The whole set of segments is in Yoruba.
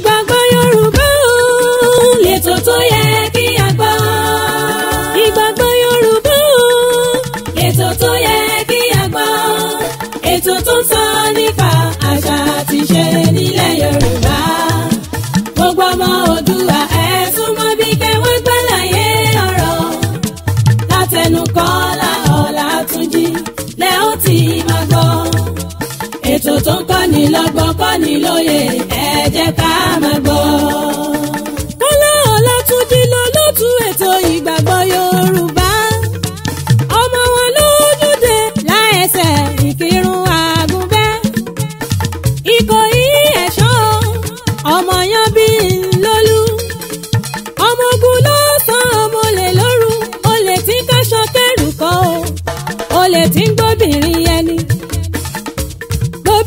ìgbàgbọ́ Yorùbá. kọ́ni lọ́gbọ́n kọ́ni lóye ẹ jẹ́ ká máa gbọ́.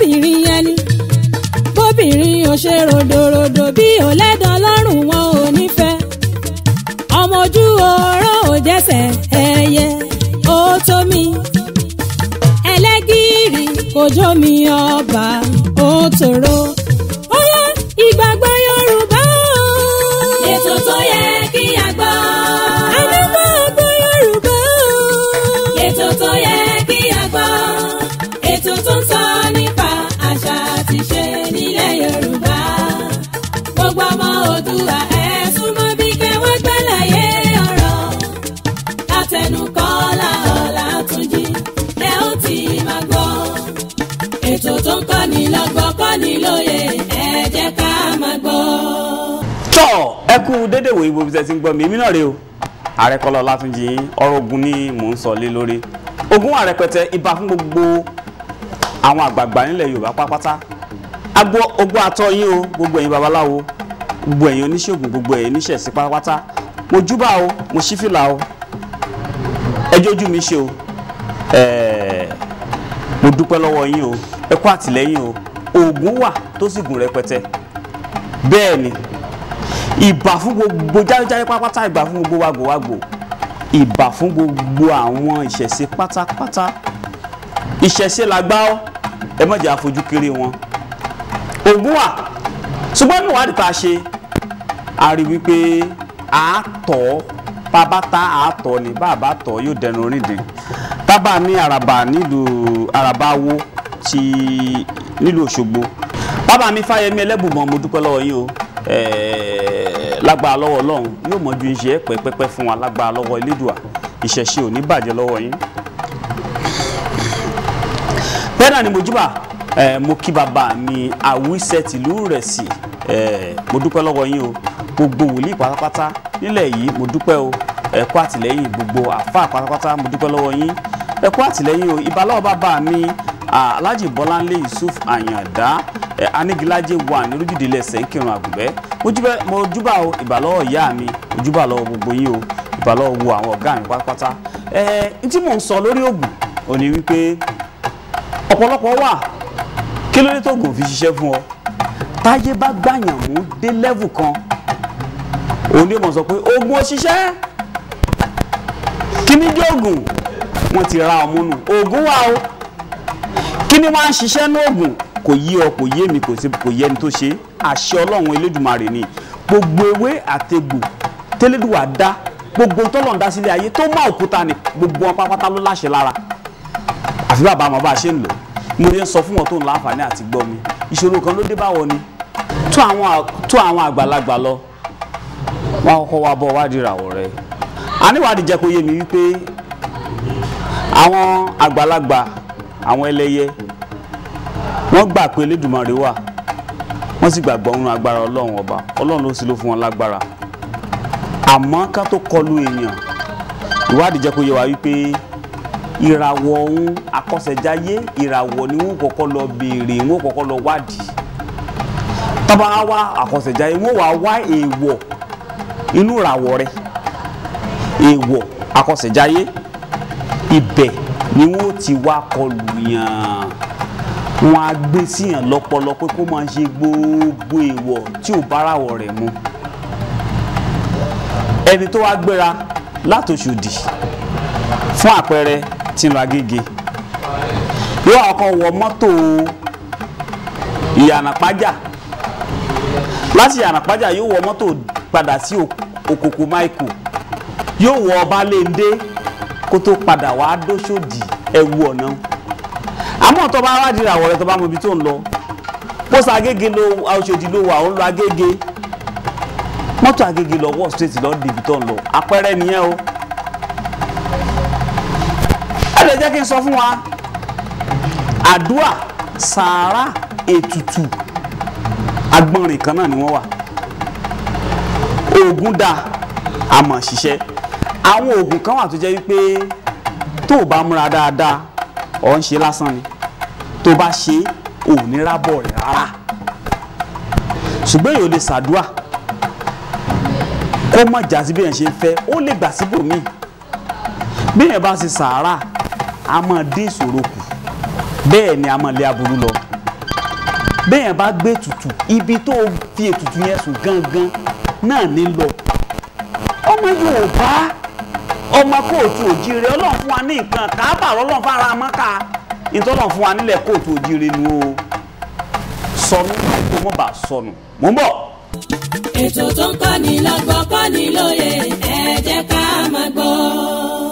bóbìnrin ẹni bóbìnrin ò ṣe ròdòròdò bí ò lẹ́dọ̀ lọ́rùn wọn ò nífẹ̀ẹ́ ọmọ ojú oró ò jẹ́sẹ̀ ẹyẹ ó tó mi ẹlẹ́gìrì kò jó mi ọba. ẹ jẹ́ ká máa gbọ́. tọ́ ẹ kú dédé wo ibo bíi ti ń gbọ́ mi èmi náà rè o àrẹkọlọ látúnjì ọ̀rọ̀ ogun ni mò ń sọ lé lórí ogun àrẹpẹtẹ ibà fún gbogbo àwọn àgbààgbà nílẹ̀ yorùbá pápátá agbo ogbó atọ yín o gbogbo ẹ̀yin babaláwo gbogbo ẹ̀yin oníṣègùn gbogbo ẹ̀yin oníṣẹ̀sí pátápátá mo júbà o mo ṣífìlà o ẹjọ́ ojú mi ṣe o mo dúpẹ́ lọ́wọ́ yín o ẹ kú àtìlẹ́yìn o oògùn wà tó sì gùn rẹpẹtẹ bẹ́ẹ̀ ni ìbà fún gbogbo járéjáré pátápátá ìbà fún gbogbo wàgbòwàgbò ìbà fún gbogbo àwọn ìṣẹ̀ṣe pátápátá ìṣẹ̀ṣe làgbá ọ́ ẹ má jẹ́ àfojú kéré wọn oògùn wà ṣùgbọ́n ní ìwádìí tá a ṣe a rí wípé àátọ́ bàbá tá àátọ́ ni bàbá tọ́ yóò dẹnu oríndìn bàbá ní àràbà nílùú àràbà wo ti nílùú Òṣogbo bàbá mi Fáyẹmí Ẹlẹ́bùbọn mo dúpẹ́ lọ́wọ́ yín o lágbára lọ́wọ́ Ọlọ́run yóò mọ̀jú iṣẹ́ pẹ́pẹ́pẹ́ fún wa lágbára lọ́wọ́ Elédùà ìṣẹ̀ṣe ò ní bàjẹ́ lọ́wọ́ yín. bẹ́ẹ̀ náà ni mojúbà mo kí bàbá mi àwísẹ̀ tìlú rẹ̀ sí mo dúpẹ́ lọ́wọ́ yín o gbogbo wòlíì pátápátá nílẹ̀ yìí mo dúpẹ́ o ẹ kú àtìlẹ́yìn gbogbo àfáà pátápátá mo dúpẹ́ lọ́wọ́ yín ẹ kú àtìlẹ́yìn o ìbálọ́wọ́ bàbá mi alhaji bọ́láńlé yusuf àyàndá anigilaje wà ní rújùdí ilẹ̀ sẹ́ńkìrún àgùnbẹ́ mo júbà o ìbàlọ́wọ́ ìyá mi mo júbà lọ́wọ́ gbogbo yín o ìbàlọ́wọ́ wo àwọn ọ̀gá mi pátápátá ẹ̀ẹ́n tí mò ń sọ lórí ògùn ò ní wípé ọ̀pọ̀lọpọ̀ wà kí ló dé tó ògùn fi ṣiṣẹ́ fún ọ táyé bá gbàyàn mú dé lẹ́vù kan òun ni mo sọ pé ògùn ò kí ni dé ògùn wọ́n ti ra ọmú nù ògùn wà o kí ni wọ́n á ṣiṣẹ́ ní oògùn kò yí ọ kò yé mi kò sí kò yẹ ẹni tó ṣe àṣẹ ọlọ́run elédùnmarè ni gbogbo ewé àtegbò tẹ́lẹ́dùwà dá gbogbo tọ́lọ̀ ń dá sílé ayé tó má òkúta ni gbogbo wọn pápátá ló láṣẹ lára àfi bàbá àmọ́ bá a ṣe ń lò mo ní sọ fún wọn tó ń láǹfààní àti gbọ́ mi ìṣòro kan ló dé báwọ ni tó àwọn àgbàlagbà lọ wọn kọ́kọ́ wá bọ́ wádìí ìràwọ̀ rẹ àníwádìí jẹ́ kó yé mi wípé àwọn àgbàlagbà àwọn ẹlẹ́yẹ wọ́n gbà pé Elédùmarè wà wọ́n sì gbàgbọ́ nínú agbára Ọlọ́run ọba Ọlọ́run ló sì ló fún wọn lágbára àmọ́ ká tó kọlu èèyàn ìwádìí jẹ́ kó yẹ wá wípé ìràwọ̀ ọ̀hún akọ́ṣẹ́jáyé ìràwọ̀ ni wọ́n kọ́kọ́ lọ béèrè wọ́n kọ́kọ́ lọ wádìí tọ́ba wá akọ́ṣẹ́jáyé wọ́n wá wá èèwọ̀ inú ìràwọ̀ rẹ̀ èèwọ̀ akọ́ṣẹ́jáyé ibẹ̀ ni wọ́n ti wá kọlù yàn wọ́n á gbé síyàn lọ́pọlọ pé kó máa ṣe gbogbo èèwọ̀ tí ò bárawọ̀ rẹ̀ mu ẹni tó wá gbéra látòṣòdì fún àpẹẹrẹ tí ń lọ Agége yóò àkọ́kọ́ wọ mọ́tò ìyànàpájà láti ìyànàpájà yóò wọ mọ́tò padà sí Òkòkò Michael yóò wọ Ọbalẹ́ndé kó tó padà wá dóṣòdì ẹ wu ọ̀nà àmọ́ tó bá wá di ìràwọ̀ rẹ tó bá mọ ibi tó ń lọ pósí agége ló Ọ̀ṣọ́dì ló wà ó ń lọ agége mọ́tò agége lọ wọ́ straight lọ débi tó ń lọ àpẹẹrẹ nìyẹn o ẹ lè jẹ́ kí n sọ fún wa àdúà sàárà ètùtù agbọ́nrin kan náà ni wọ́n wà oògùn dáa àmọ́ ṣiṣẹ́ àwọn oògùn kan wà tó jẹ́ wípé tó o bá múra dáadáa ọ̀ ń ṣe lásán ni tó o bá ṣe ò ní rábọ̀ rẹ̀ rárá ṣùgbọ́n èèyàn lè ṣàdúà kó má jà sí bí èèyàn ṣe ń fẹ́ ó lè gbà síbò míì bí èèyàn bá ṣe sàárà a máa dín ìṣòro kù bẹ́ẹ̀ ni a máa lé aburú lọ bẹ́ẹ̀yàn bá gbé ètùtù ibi tó fi ètùtù yẹn sùn gangan náà ní lọ ọmọ Yorùbá ọmọ kóòtù òjire ọlọ́run fún wa ní nǹkan kábàárọ̀ ọlọ́run fún mọ́ka ìtọ́lọ́run fún wa nílẹ̀ kóòtù òjire nu o sọnù kó mọ̀ bá sọnù mò ń bọ̀. ètò tó ń kọ́ni lọ́gbọ́n kọ́ni lóye ẹ jẹ́ ká máa gbọ́.